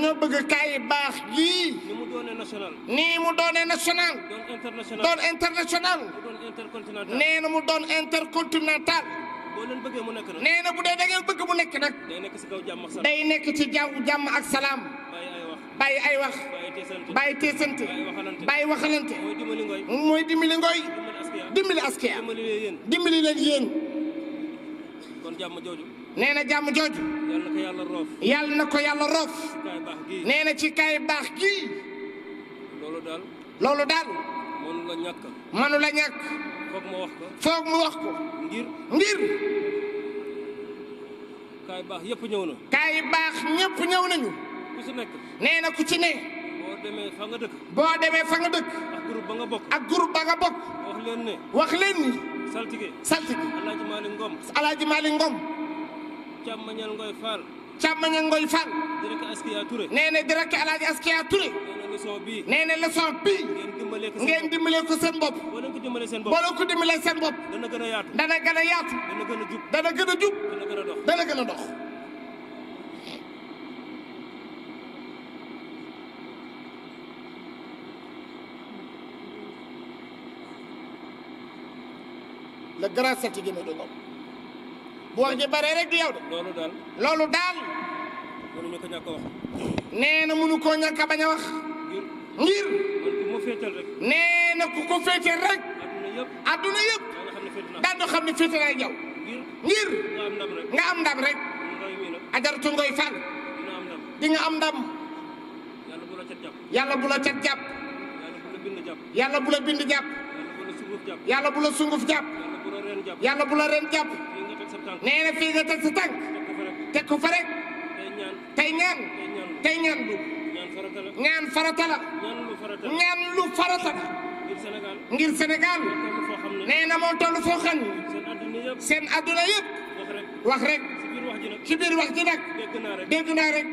dañoo bëgg kaay baax gii. ni mu doone national. nii mu doone national. doon international doon international. nee na mu doon intercontinental. boo leen bëggee mu nekk nag. nee na bu dee da ngeen bëgg mu nekk nag. day nekk ci kaw jàmm ak salaam. day nekk ci jaww jàmm ak salaam. bàyyi ay wax. bàyyi teesante. bàyyi waxalante. mooy dimbali ngoy. mooy dimbali ngoy. dimbali askiya. dimbali leen yéen. kon jàmm jooju. nee na jàmm jooju. yàlla na ko yàlla roof. nee na ci kaay baax gii. loolu daal. loolu daal. mënu la ñàkk. mënu ñàkk. foog mu wax ko. foog mu wax ko. ngir ngir. kaay baax yëpp ñëw na. kaay baax nañu. ku ci nekk. nee na ku ci ne. boo demee fa nga dëkk. boo demee fa nga dëkk. ak groupe ba nga bokk. ak groupe ba nga bokk. wax leen ne. wax leen ni. saltige. saltige. Alaaji Maalik càmmañal ngoy fal càmmañal ngoy fal direk askiya Touré nee na direk alaaji askiya Touré nee na leçon bii ngeen dimbalee ko seen bopp boo leen ko dimbalee seen bopp dana gën a yaatu dana gën a yaatu dana gën a jub dana gën a dox le grand saltige de l'homme bu wax ji baree rek du yow loolu daal loolu daal. ko ñàkk a wax. nee na mënu koo bañ a wax. ngir. nee na ku ko féeteel rek. adduna yëpp. daan doo xam ne féeteel ay jaw. ngir nga am ndam rek. ajaratu ngoy fal. di nga am ndam. yàlla bu cat jàpp. yàlla bu la bind jàpp. yàlla bu la sunguf jàpp. yàlla bu la ren jàpp. nee na fii nga te sa tànk teg ko fa rek tey ñaan tey ñaan du ñaan farata la ñaan lu farata la ngir Sénégal nee na moo toll foo xam ne seen wax rek ci biir wax naa rek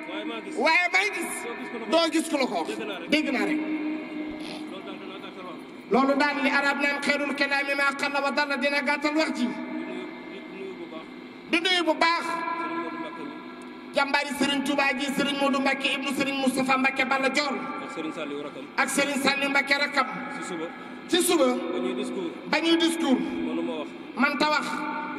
waaye may gis doo gis ku la ko wax dégg naa rek. loolu daal li arab naan xeerul kalaami maa qalla wa dalla dina gàttal wax ji. di nuyu bu baax jàmbaari Serigne Touba ji Serigne Modou Mbacke ibnu Serigne Moustapha Mbacke Balla Dior ak Serigne Saliou Mbacke rakam si suba ci suba ba ñuy discours ba ñuy discours man ta wax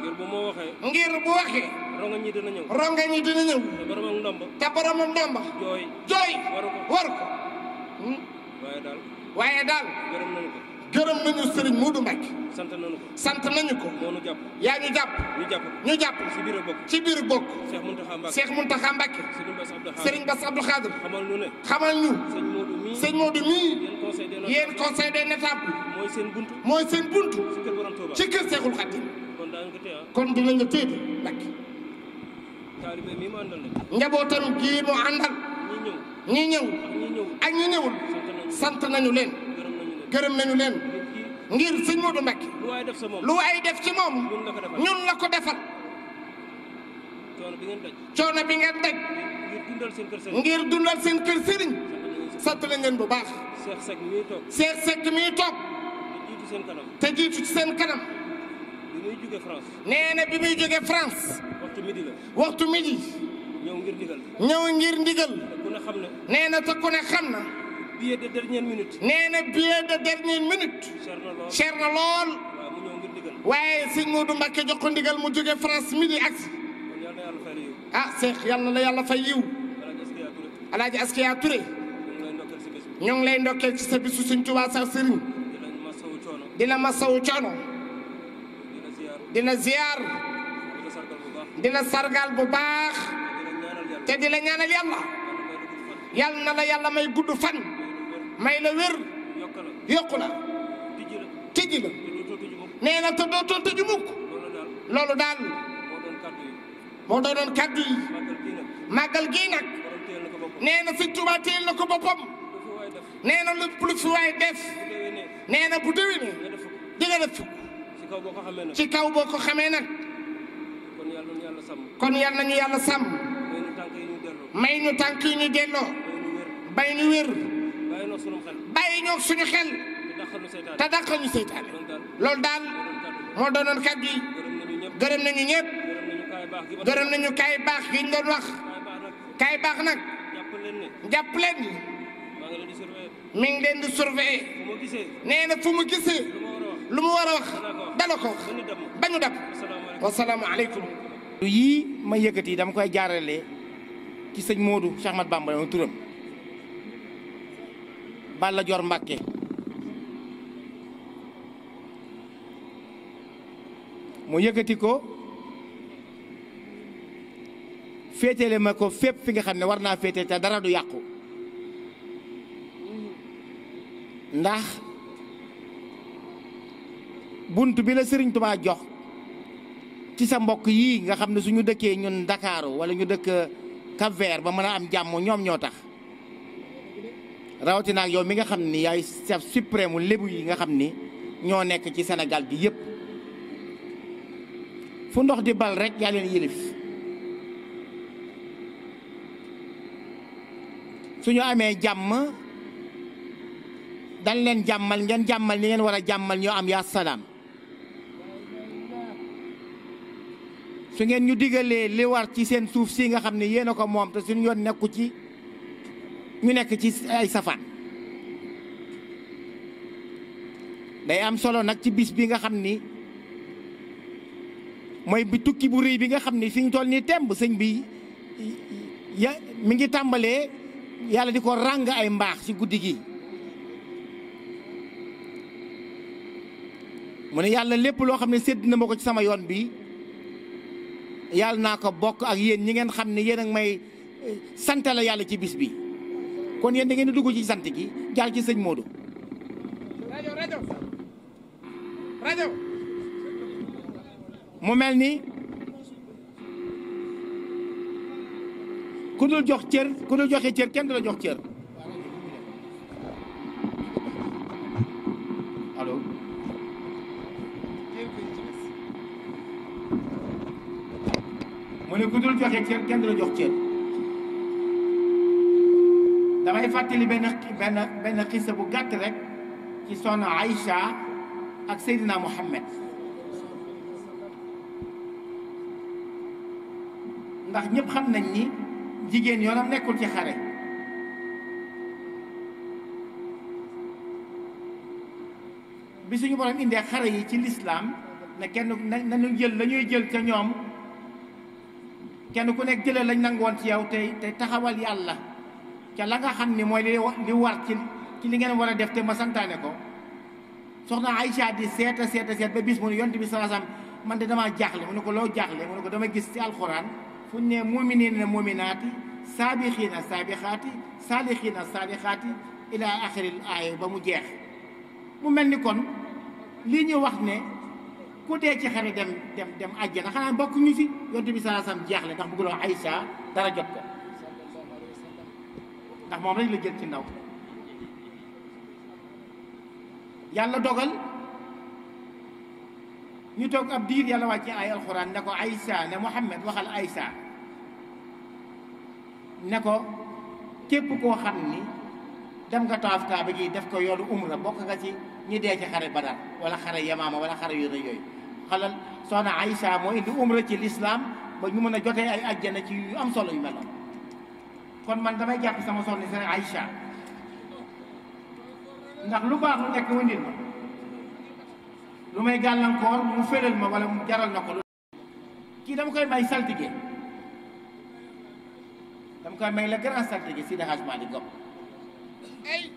ngir bu moo waxee ngir bu waxee ronga ñi dina ñëw ronga ñi dina ñëw te boromam ndomba te boromam ndomba jooy jooy waru ko waru hmm? waaye daal waaye daal gërëm nañu Serigne Modou Mbacké. sant ko sant nañu ko. moo ñu jàpp yaa ñu jàpp. ñu jàpp ñu jàpp. ci biir bokk ci biir bokk. Cheikh Mountakha Mbacké Cheikh Mountakha Mbacké. Serigne Bass Abdou Khadre xamal ñu ne. xamal ñu. sëñ Modou mii. yéen conseil des mooy seen buntu. mooy seen buntu. ci kër Seexul Xadiim. kon ah. dinañ la téye Mbacké. taalibe mii mu àndal nag. njabootam gii mu àndal. ñi ñëw ñi ñi ñëwul sant nañu leen. gërëm nañu leen ngir sëñ Modou Mbacké lu ay def ci moom ñun la ko defal coono bi ngeen daj ngir dundal seen kër sëriñ sant la ngeen bu baax seer sekk mii toog te jiitu ci seen kanam nee na bi muy jóge France waxtu midi ñëw ngir ndigal nee na te ku ne xam na billet de dernière minute. na billet de dernière minute. cher na lool cher na lool. waaye sëñ Modou Mbacke jox ko ndigal mu jóge France midi ak si. ah Cheikh yàlla na yàlla fa yiw. Ah, El Hadj Askia ngi lay ndokkeel ci sa bisu suñ Tuubaa sa sëriñ. di la masawu coono. di la ziar. di la sargal bu baax. te di ñaanal yàlla. yàlla na la yàlla may gudd fan. may la wér yokku la tijji la nee na te dootoo tëju mukk loolu daal moo doonoon kàddu yi màggal nee na sëñ Tuubaa na ko boppam nee na lu def nee na bu déwénee di nga def ci kaw boo ko xamee nag kon yal nañu yàlla sàmm may ñu tànk yi bay ñu wér bàyyi ñoog suñu xel te dàqal ñu seytaane loolu daal moo doonoon kàddu yi gërëm nañu ñëpp gërëm nañu kaay baax gi ñu doon wax kaay baax nag jàpp leen ni mi di surveiller nee na fu mu gisee lu mu war a wax dala ko wax ba ñu dab wasalaamaaleykum. yii ma yëkkati dama koy jaarale ci sëñ moodu Cheikh Ahmad Bamba turam. Balla Dior Mbacke mu yëkkati ko féetale ma ko fépp fi nga xam ne war naa féete te dara du yàqu ndax bunt bi la Sëriñ jox ci sa mbokk yii nga xam ne su ñu dëkkee ñu Ndakaaru wala ñu dëkk Cap-Vert ba mën a am jàmm ñoom ñoo tax rawatina ak yow mi nga xam ni yaay chef suprême lébu yi nga xam ni ñoo nekk ci senegal gi yépp fu ndox di bal rek yaa leen yilif suñu amee jàmm dañ leen jàmmal ngeen jàmmal ni ngeen war a jàmmal ñoo am yaa salaam su ngeen ñu digalee li war ci seen suuf si nga xam ne yéen a ko moom te suñu yoon nekku ci ñu nekk ci ay safaan day am solo nag ci bis bi nga xam ni mooy bi tukki bu rëy bi nga xam ni fi tool nii temb sëñ bi ya mi ngi tàmbalee yàlla di ko ràng ay mbaax ci guddi gi mu ne yàlla lépp loo xam ne sédd na ma ko ci sama yoon bi yàlla naa ko bokk ak yéen ñi ngeen xam ne yéen a may eh, sant yàlla ci bis bi kon yéen da ngeen di dugg ci sant gi jaar ci sëñ Modou. rajo mu mel ni ku dul jox cër ku dul joxe cër kenn du la jox cër. allo. mu ne ku dul joxe cër kenn jox cër. damay fàttali benn benn benn xisa bu gàtt rek ci soxna Aïcha ak Seydina Muhammad ndax ñëpp xam nañ ni jigéen yoonam nekkul ci xare bi suñu borom indee xare yi ci lislaam na kenn nañu jël la jël ca ñoom kenn ku nekk jëlee lañ nangoon ci yow tey tey taxawal yàlla ca la nga xam ni mooy li war ci ci li ngeen war a def te ma santaane ko soxna Aïcha di seeta seeta seet ba bis mu ne yonent bi sallallahu man de damaa jaaxle mu ne ko loo jaaxle mu ne dama gis ci alxuraan fu ñu nee muminina muminaati saabixiina saabixaati saalixiina saalixaati ilaa axiril aaya ba mu jeex mu mel ni kon lii ñu wax ne ku ci xare dem dem dem àjjana xanaa bokk ñu ci yonent bi sallallahu alayhi wasallam jaaxle ndax bëgguloo Aïcha dara jot ko ndax moom rek la jël ci ndaw yàlla dogal ñu toog ab diir yàlla wàcce ay alxuraan ne ko Aysa ne Muhammad waxal Aysa ne ko képp koo xam ni dem nga taaf kaaba gi def ko yoonu umra bokk nga ci ñi dee ci xare Badar wala xare Yamaama wala xare yu rëy yooyu xalal soxna Aysa moo indi umra ci lislaam ba ñu mën a jotee ay ajjana ci yu am solo yu mel kon man damay jàpp sama soxna si rek Aïcha ndax lu baax lu nekk wëndil ma lu may gàllankoor mu fëlal ma wala mu jaral na ko lu kii dama koy may saltige dama koy may la grand saltige si dérangement di gopp ay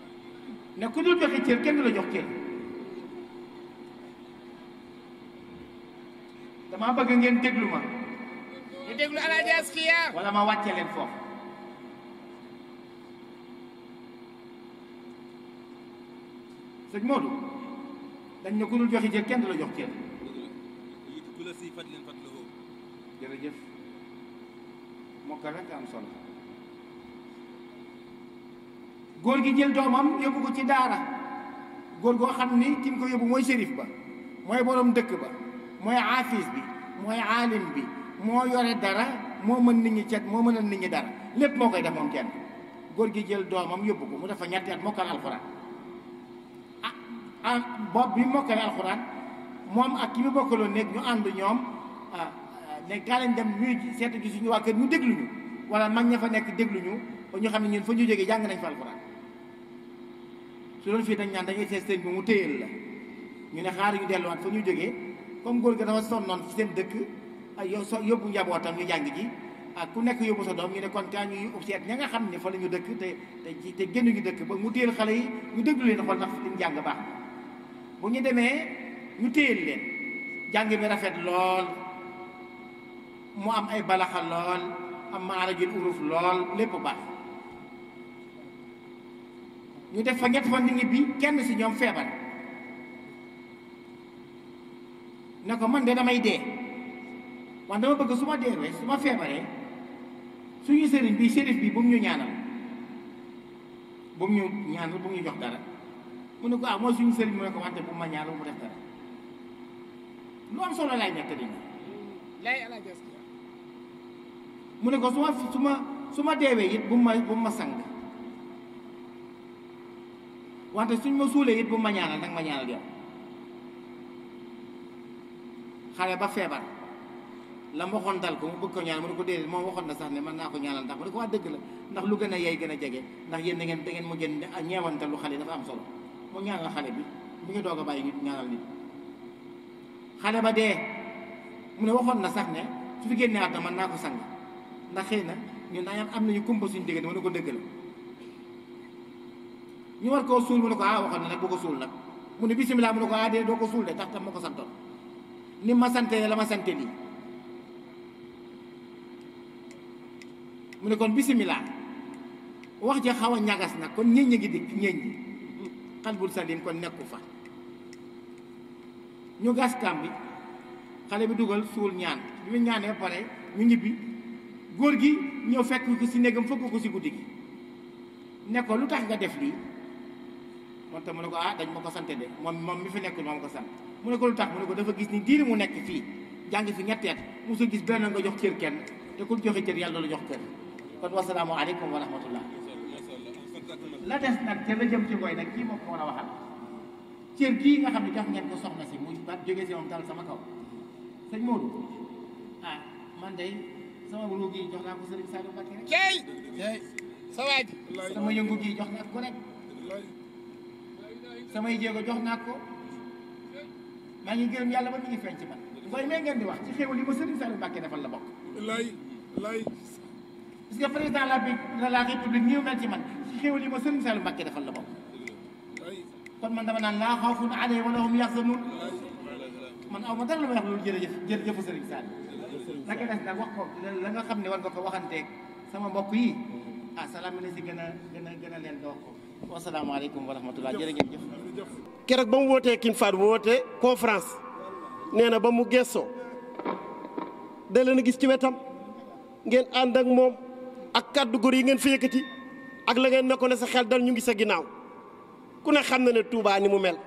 ne ku dul joxe cër kenn du la jox cër damaa bëgg ngeen déglu ma ñu déglu Alaaji Askiya wala ma wàcce leen foofu sëñ Modou dañ ne ku dul joxe cër kenn du la jox cër. jërëjëf mokkal rek am solo góor gi jël doomam yóbbu ko ci daana góor goo xam ni ki mu ko yóbbu mooy sérif ba mooy borom dëkk ba mooy aafis bi mooy aalim bi moo yore dara moo mën nit ñi cet moo mën a nit ñi dara lépp moo koy def moom kenn góor gi jël doomam yóbbu ko mu dafa ñetti at mokkal alxuraan en boobu bi mu mokkale alxuraan moom ak ki mu bokkaloon néeg ñu ànd ñoom ah, ah, ne gaa leen dem ñuy seetu gi suñu waa kër ñu déglu ñu wala mag ña fa nekk déglu ñu ba ñu xam ne ñun fa ñu jógee jàng nañ fa alxuraan su fii dañ ñaan dañuy seet sëñ mu téyel la ñu ne xaar ñu delluwaat fa ñu jógee comme góor gi dafa sonnoon ci seen dëkk ak yow so yóbbu njabootam ñu jàng ji ak ku nekk yóbbu sa doom ñu ne kon kaa ñuy seet ña nga xam ne fa la ñu dëkk te te te génn ñu dëkk ba mu téyel xale yi ñu déglu leen xool ndax liñ jàng baax bu ñu demee ñu téyel leen jàng bi rafet lool mu am ay balaxa lool am maarajul uruf lool lépp baax ñu def fa ñett fan ni bi kenn si ñoom feebar ne ko man de damay dee wan dama bëgg su ma deewee su ma feebaree suñu sëriñ bi sérif bi bu mu ñu ñaanal bu mu ñu ñaanal bu mu ñu jox dara mu ne ko ah mooy suñu sëriñ mu ne ko wante bu ma ñaanal mu def dara lu am solo lay nekk di mu ne ko su ma su ma su ma deewee it bu ma bu ma sang wante suñu ma suulee it bu ma ñaanal nag ma ñaanal yow xale ba feebar la ma waxoon dal ko mu bëgg ko ñaanal mu ne ko déedéet moom waxoon na sax ne mën naa ko ñaanal ndax mu ne ko waa dëgg la ndax lu gën a yey gën a jege ndax yéen da ngeen da ngeen mu gën ñeewantalu xale dafa am solo mu ñaanal xale bi bu ngi doog a bàyyi ñaanal nit xale ba dee mu ne waxoon na sax ne su fi génnee àdduna naa ko sang ndax xëy na ñun daañu am nañu kumpa suñu diggante mën na ko dëggal ñu war koo suul mu ne ko ah waxoon na nag boo ko suul nag mu ne bisimilah mu ne ko ah dee doo ko suul de tax tam moo ko santoon ni ma santee la ma sante lii mu ne kon bisimilah wax ja xaw a ñagas nag kon ñeñ ngi dikk ñeñ ñi xalbul salim kon nekku fa ñu gas kàmb bi xale bi dugal suul ñaan bi mu ñaanee pare ñu ñibbi góor gi ñëw fekk ko si néegam fëgg ko si guddi gi ne lu tax nga def lii moom tam mu ne ko ah dañ ma ko sant de moom moom mi fi nekkul moom ko sant mu ne ko lu tax mu ne ko dafa gis ni diir mu nekk fii jàng fi ñetteet mosu gis benn nga jox cër kenn te ku joxe cër yàlla la jox cër kon wasalaamu aleykum wa la des nag ca la jëm ci mooy nag kii moom ko war a waxal cër kii nga xam ne jox ngeen ko soxna si muy ba jógee si sama kaw sëñ Modou ah man day sama wóolu jox naa ko sëriñ Sadio Mbacké rek. tey tey sa waay sama yëngu gii jox naa ko rek samay jéego jox naa ko maa ngi gërëm yàlla ba mi ngi feeñ ci man. waaye mee ngeen di wax ci xéwal yi ma sëriñ Sadio Mbacké defal la bokk. parce que président la de la république man ci xéwal yi ma sëriñ Saliou Mbacké defal la bokk kon man dama naan laa xawfun alayhim ma dara la may wax loolu wax ko la nga xam ne war nga ko waxanteeg sama mbokk yi ah salaam ne si gën a gën a leen nga wax ko wasalaamaaleykum wa rahmatullah jërë ngeen jëf keroog ba mu wootee kin faat wootee conférence nee na ba mu gëstoo da leen a gis ci wetam ngeen ànd ak moom ak kàddu góor yi ngeen fi yëkkati ak la ngeen nekkoon ne sa xel dal ñu ngi sa ginnaaw ku ne xam na ne tuubaa ni mu mel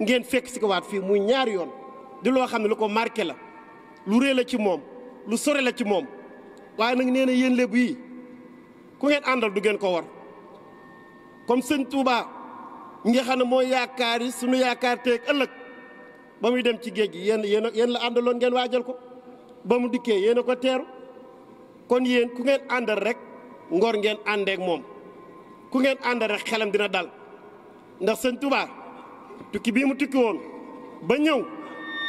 ngeen fekk si ko waat fii muy ñaari yoon di loo xam ne lu ko marqué la lu rée la ci moom lu sore la ci moom waaye nag nee na yéen lébu yi ku ngeen àndal du ngeen ko war comme sën Touba ñi nga xam ne mooy yaakaar yi suñu yaakaar teeg ëllëg ba muy dem ci géej gi yéen yéen yéen la àndaloon ngeen waajal ko ba mu dikkee yéen ko teeru kon yéen ku ngeen àndal rek ngor ngeen àndeek moom ku ngeen àndal rek xelam dina dal ndax sëñ Tuubaa tukki bii mu tukki woon ba ñëw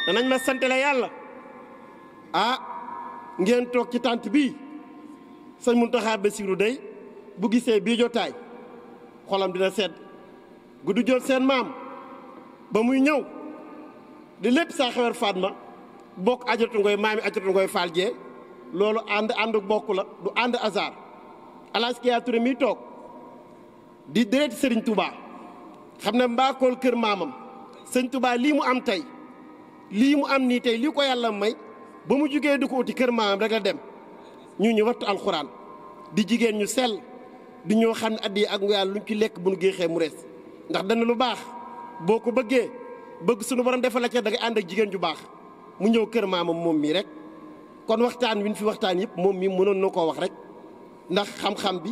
danañ ma santale yàlla ah ngeen toog ci tànt bii sëñ Muntaxa Basiru day bu gisee bii jotaay xolam dina sedd guddi jot seen maam ba muy ñëw di lépp saa xewar Fatma bokk ajatu ngoy maami ajatu ngoy faal jee loolu ànd ànd bokk la du ànd hasard Alaaji Kiya toog di deret Serigne Touba xam ne mbaakool kër maamam sëñ Touba lii mu am tey lii mu am nii tey lii ko yàlla may ba mu jógee du ko uti kër maamam rek la dem ñu ñu wattu alxuraan di jigéen ñu sel di ñoo xam ne addi ak yàlla luñ ci lekk bu nu géexee mu rees ndax dana lu baax boo ko bëggee bëgg sunu borom defal la ca da ànd ak jigéen ju baax mu ñëw kër maamam moom mii rek. kon waxtaan wi ñu fi waxtaan yëpp moom mii mënoon na koo wax rek ndax xam-xam bi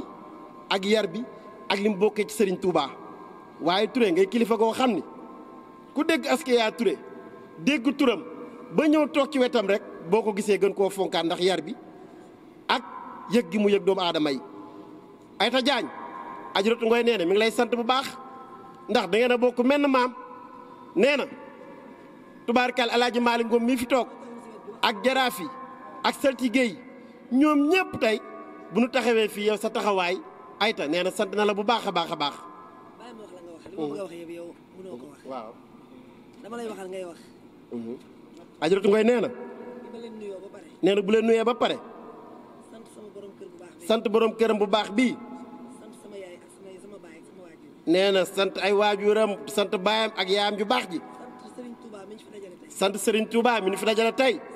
ak yar bi ak li mu ci Serigne Touba waaye Touré ngay kilifa goo xam ni ku dégg Askia Touré dégg turam ba ñëw toog ci wetam rek boo ko gisee gën koo fonkaat ndax yar bi ak yëg gi mu yëg doomu aadama yi. Aïta Diagne Ajaratu Ngoy nee na mi ngi lay sant bu baax ndax da ngeen a bokk menn maam nee na tubaar El Hadj Malick Ngom mii fi toog ak jaraafi ak saltige yi ñoom ñépp tey bu nu taxawee fii yow sa taxawaay ayta nee na sant na la bu baax a baax a baax. yow mënoo ko wax. waaw dama mhm. ngoy nee na. bu leen bu leen nuyee ba pare. sant sama borom këram bu baax bii. sant na sant ay waajuram sant baayam ak yaayam ju baax ji. sant sëriñ Touba mi ñu fi dajale tey. sant fi dajale tey.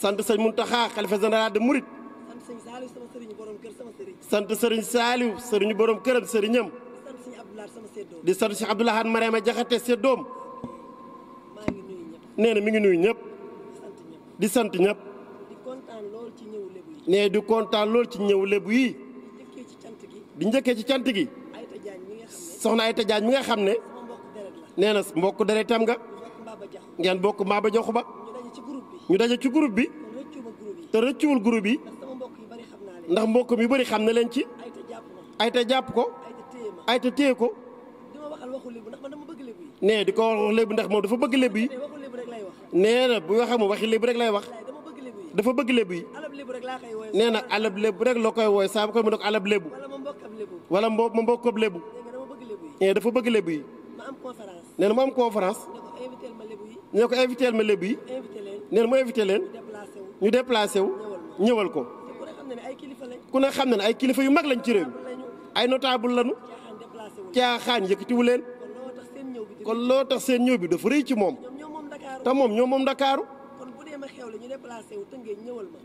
sant sëñ Muntaxa xalifa général de Mouride. sant sëriñ Saaliw sëriñu borom këram sëriñam. di sant si Abdoulahad a Jaxate seddoom. nee na mi ngi nuyu ñëpp. di sant ñëpp. nee di kontaan lool ci ñëw lébu yi. di njëkkee ci cant gi. soxna Ayta Jaañ mi nga xam ne. nee na mbokk deretam nga. ngeen bokk ba Jaxu ba. ñu daje ci groupe bi te rëccuwul groupe yi ndax mbokk mi bëri xam na leen ci ay jàpp ko ay te téye ko nee di ko wax lébu ndax moom dafa bëgg lébu yi nee na bu waxee moom waxi lébu rek lay wax dafa bëgg lébu yi nee na alab lébu rek loo koy wooy saa bu koy mu ne alab lébu wala mbo ma mbokkab lébu nee dafa bëgg lébu yi nee na mu am conférence ñoo ko invité ma lébu yi. nee mu invité leen. ñu déplacé wu ñëwal ko. ku ne xam na ne ay kilifa yu mag lañ ci réew ay notable lañu. caaxaan yëkkatiwu leen. kon loo tax seen ñëw bi dafa rëy ci moom. te moom ñoo moom Ndakaaru.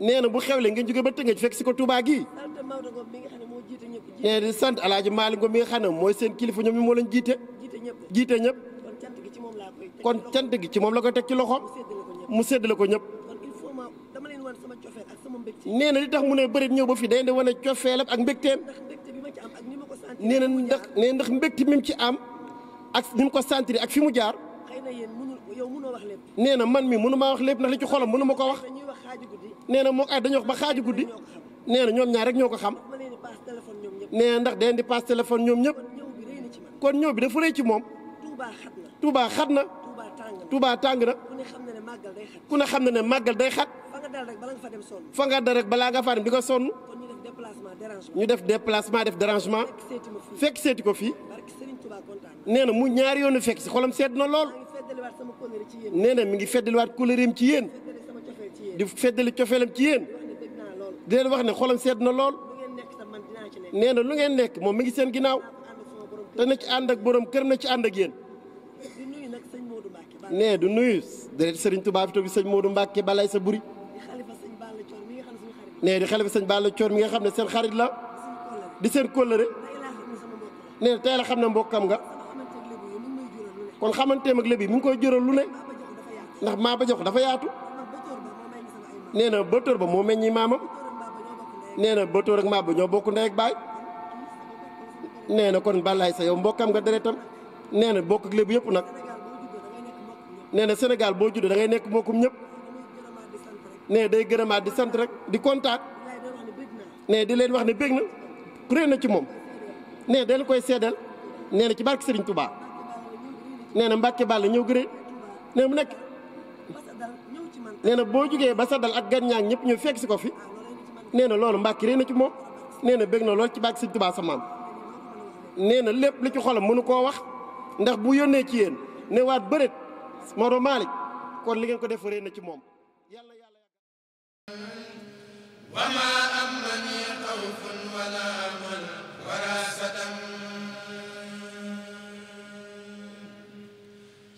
nee na bu xewle ngeen jóge ba Tëngéej fekk si ko Touba gii. nee di sant El Hadj Malick Ngom mi ne mooy seen kilifa ñoom ñi moo leen jiite. jiite ñëpp. kon cant gi ci moom la ko teg ci loxoom mu séddale ko ñëpp nee na li tax mu ne bërit ñëw ba fi day ne wane cofeelam ak mbégteem nee na ndax nee ndax mbégte mi mu ci am ak ni mu ko sentir ak fi mu jaar nee na man mi mënu maa wax lépp ndax li ci xolam mënu ma ko wax nee na moo ay ah, dañuy wax ba xaaju guddi nee na ñoom ñaar rek ñoo ko xam nee ndax dañ di passe téléphone ñoom ñëpp kon ñëw bi dafa rëy ci moom Touba xat na Touba tàng na. ku ne xam na ne màggal day ku ne xam na ne màggal day xat. fa nga dal rek balaa nga fa dem sonn. nga sonn. ñu def déplacement dérangement. ñu def déplacement def dérangement. fekk seeti ko fii. nee na mu ñaari yoonu fekk si xolam sedd na lool. nee na mi ngi feddaliwaat kóllëreem ci yéen. di feddali cofeelam ci yéen. di wax ne xolam seet na lool. nee na lu ngeen nekk moom mi ngi seen ginnaaw. te na ci ànd ak boroom kër na ci ànd ak yéen nee du nuyu déedéet sëriñ tubaab fi toog sëñ Modou Mbacke balaay sa buri nee di xalifa sëñ Balla Coor mi nga xam ne seen xarit la di seen kóllëre nee tey la xam ne mbokkam nga kon xamanteem ak lébi mu ngi koy jural lu ne ndax maa ba jox dafa yaatu nee na bëtóor ba moo meññi maamam nee na bëtóor ak maa ba ñoo bokk ndey ak baay nee na kon balaay sa yow mbokkam nga deretam nee na bokk ak lébu yëpp nag nee na Sénégal boo juddoo da ngay nekk mbokkum ñëpp nee day gërëmaat di sant rek di kontaat nee di leen wax ne bég na réy na ci moom nee dañ koy seedal nee na ci barke Serigne Touba nee na Mbacke Balla ñëw gëree nee mu nekk nee na boo jugee ba sa dal ak gan ñaak ñëpp ñëw fekk si ko fi nee na loolu Mbacke réy na ci moom nee na bég na lool ci barke Serigne Touba sa maam nee na lépp li ci xolam mënu koo wax ndax bu yónnee ci yéen ne waat bëreet Maodo Malick kon li ko def rëy na ci moom yàlla yàlla wa ma amani xawfun wala amal warasatam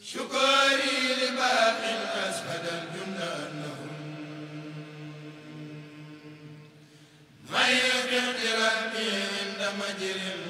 shukuri li baaxin asbadal jumla annahum may yuqir rabbi inda majrim